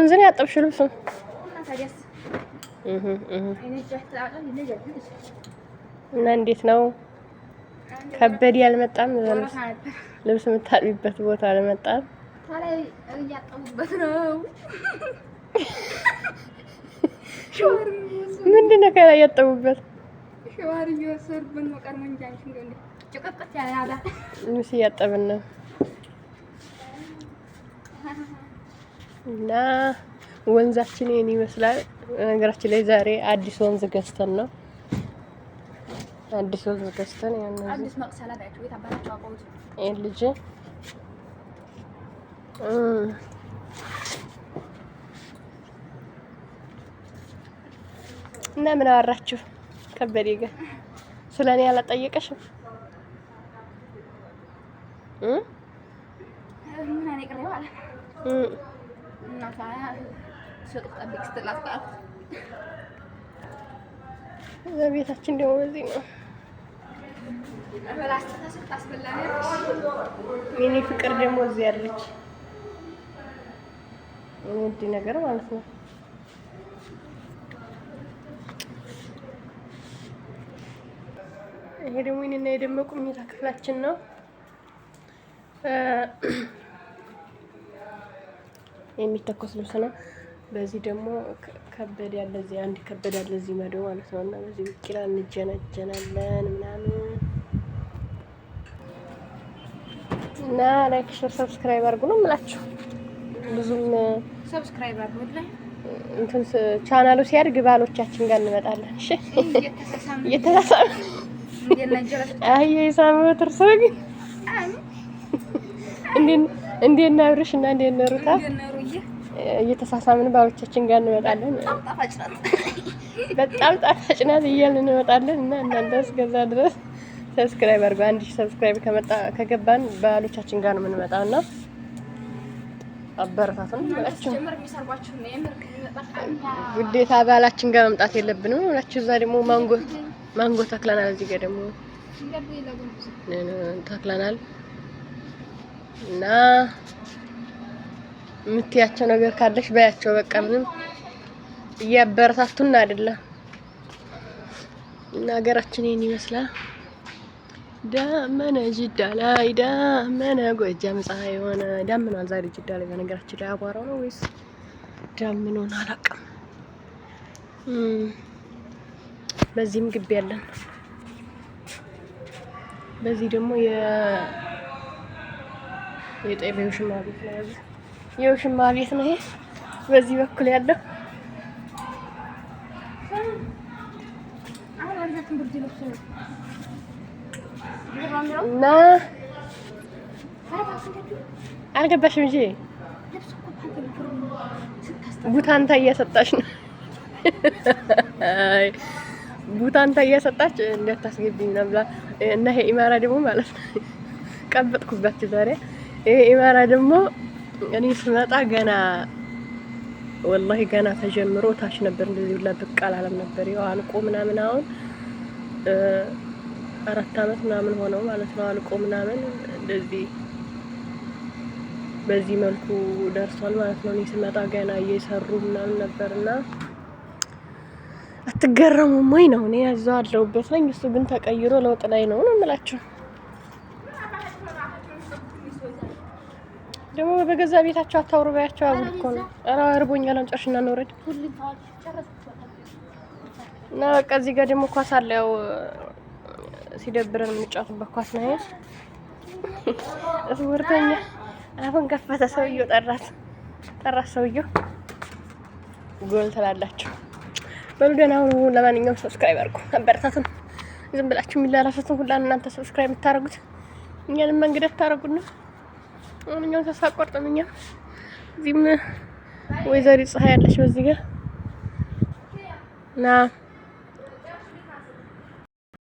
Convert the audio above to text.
ወንዝ ነው ያጠብሽ ነው። እና እንዴት ነው ከበድ ያልመጣም ልብስ የምታጥቢበት ቦታ አልመጣም። ምንድን ነው ከላይ ያጠቡበት? ልብስ እያጠብን ነው። እና ወንዛችን ይህን ይመስላል። ነገራችን ላይ ዛሬ አዲስ ወንዝ ገዝተን ነው አዲስ ወንዝ ገዝተን ይህን ልጅ እና ምን አወራችሁ ከበዴ ጋር ስለ እኔ አላጠየቀሽም? እናቷ ሱቅ ጠብቅ ስትላት ቀረ። እዛ ቤታችን ደግሞ በዚህ ነው። የኔ ፍቅር ደግሞ እዚህ ያለች ውድ ነገር ማለት ነው። ይሄ ደግሞ ይህንና የደመቁ መኝታ ክፍላችን ነው። የሚተኮስ ልብስ ነው። በዚህ ደግሞ ከበድ ያለ እዚህ አንድ ከበድ ያለ እዚህ መዶ ማለት ነው እና በዚህ ብቂላ እንጀነጀናለን ምናምን እና ላይክ ሸር ሰብስክራይብ አድርጉ ነው የምላችሁ። ብዙም ሰብስክራይብ አድርጉ ላይ እንትን ቻናሉ ሲያድግ ባሎቻችን ጋር እንመጣለን። እሺ እየተሳሳም አይ የሳምንት እርሶ ግን እንዴት ነው አብርሽ እና እንዴት ነው ሩታ? እየተሳሳምን ባሮቻችን ጋር እንመጣለን። በጣም ጣፋጭ ናት እያልን እንመጣለን እና እናንተ እስከዛ ድረስ ሰብስክራይብ አድርጉ። አንድ ሺህ ሰብስክራይብ ከመጣ ከገባን ባሎቻችን ጋር ነው የምንመጣው እና አበረታቱን ብላችሁ ግዴታ ባላችን ጋር መምጣት የለብንም ሁላችሁ። እዛ ደግሞ ማንጎ ማንጎ ተክለናል። እዚህ ጋር ደግሞ ተክለናል። እና የምትያቸው ነገር ካለሽ በያቸው። በቃ ምንም እያበረታቱን አይደለም። እና ሀገራችን ይህን ይመስላል። ዳመነ ጅዳ ላይ ዳመነ ጎጃም ፀሐይ የሆነ ዳምኗል። ዛሬ ጅዳ ላይ በነገራችን ላይ አቧራው ነው ወይስ ዳምኖን አላውቅም። በዚህም ግቢ ያለን በዚህ ደግሞ የጤና የውሽማ ቤት ነው ያለው። የውሽማ ቤት ነው ይሄ በዚህ በኩል ያለው። እና አልገባሽም እንጂ ቡታንታ እያሰጣሽ ነው። ቡታንታ እያሰጣች እንዳታስገብኝ ነው ብላ እና ይሄ ኢማራ ደግሞ ማለት ነው ቀበጥኩባችሁ ዛሬ ኢማራ ደግሞ እኔ ስመጣ ገና ወላሂ ገና ተጀምሮ ታች ነበር። እንደዚህ ብላ ብቅ አላለም ነበር። ያው አልቆ ምናምን አሁን አራት አመት ምናምን ሆነው ማለት ነው። አልቆ ምናምን እንደዚህ በዚህ መልኩ ደርሷል ማለት ነው። እኔ ስመጣ ገና እየሰሩ ምናምን ነበር ነበርና አትገረሙም ወይ ነው? እኔ ያዘው አለሁበት ነኝ። እሱ ግን ተቀይሮ ለውጥ ላይ ነው ነው የምላቸው። ደግሞ በገዛ ቤታቸው አታውሩ ባያቸው አጉል እኮ ነው። ኧረ እርቦኛል፣ አምጪሽ እና እንውረድ እና በቃ እዚህ ጋር ደግሞ ኳስ አለ። ያው ሲደብረን የምንጫወትበት ኳስ ነው። እስውርተኛ አሁን ከፈተ። ሰውየው ጠራት ጠራት። ሰውየው ጎል ትላላቸው። በሉ ደህና ሁኑ። ለማንኛውም ሰብስክራይብ አድርጉ፣ አበረታቱን። ዝም ብላችሁ የሚላላፈትን ሁላን እናንተ ሰብስክራይብ የምታደርጉት እኛንም መንገድ ታደርጉና ማንኛውም ተስፋ አቆርጥም። እኛ እዚህም ወይዘሪት ፀሐይ ያለች በዚህ ጋር ና